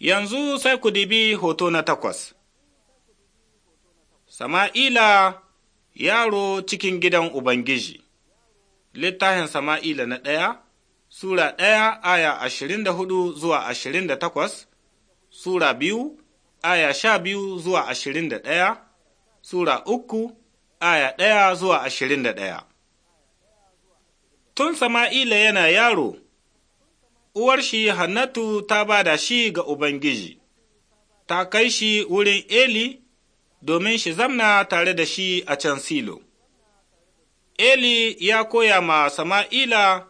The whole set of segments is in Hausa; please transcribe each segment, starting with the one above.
Yanzu sai ku dibi hoto na takwas. Sama'ila yaro cikin gidan Ubangiji Littafin Sama'ila na ɗaya, Sura ɗaya aya ashirin da hudu zuwa ashirin da takwas, Sura biyu aya sha biyu zuwa ashirin da ɗaya, Sura uku aya ɗaya zuwa ashirin da ɗaya. Tun Sama'ila yana yaro, uwar shi Hannatu ta bada shi ga Ubangiji, ta kai shi wurin Eli domin shi zamna tare da shi a can Silo. Eli ya koya ma Sama'ila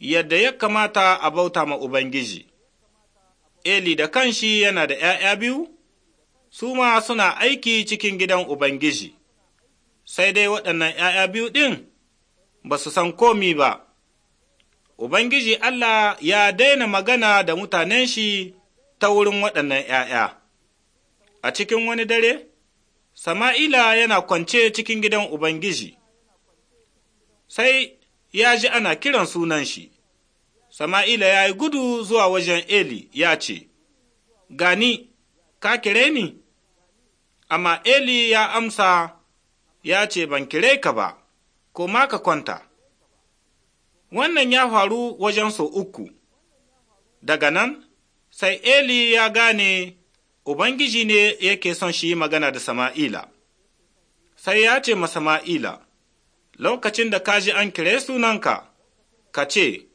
yadda ya kamata a bauta ma Ubangiji. Eli da kanshi yana da ’ya'ya biyu, su ma suna aiki cikin gidan Ubangiji, sai dai waɗannan ’ya'ya biyu ɗin ba su san komi ba. Ubangiji Allah ya daina magana da mutanen shi ta wurin waɗannan ’ya'ya. A cikin wani dare, Sama'ila yana kwance cikin gidan Ubangiji, sai ya ji ana kiran sunan shi, Sama'ila ya yi gudu zuwa wajen Eli ya ce, Gani, ka kire ni? Amma Eli ya amsa ya ce, Ban kire ka ba, ko ma ka kwanta. Wannan ya faru wajen sau uku, daga nan sai Eli ya gane Ubangiji ne yake son shi magana da Sama'ila, sai ya ce ma Sama'ila, Lokacin da ka ji an kire sunanka, ka ce,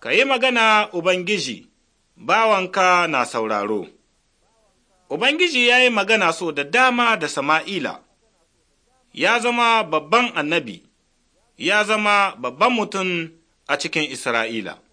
Ka yi magana Ubangiji, bawanka na sauraro. Ubangiji ya yi magana so da dama da Sama'ila, ya zama babban annabi, ya zama babban mutum a cikin Isra'ila.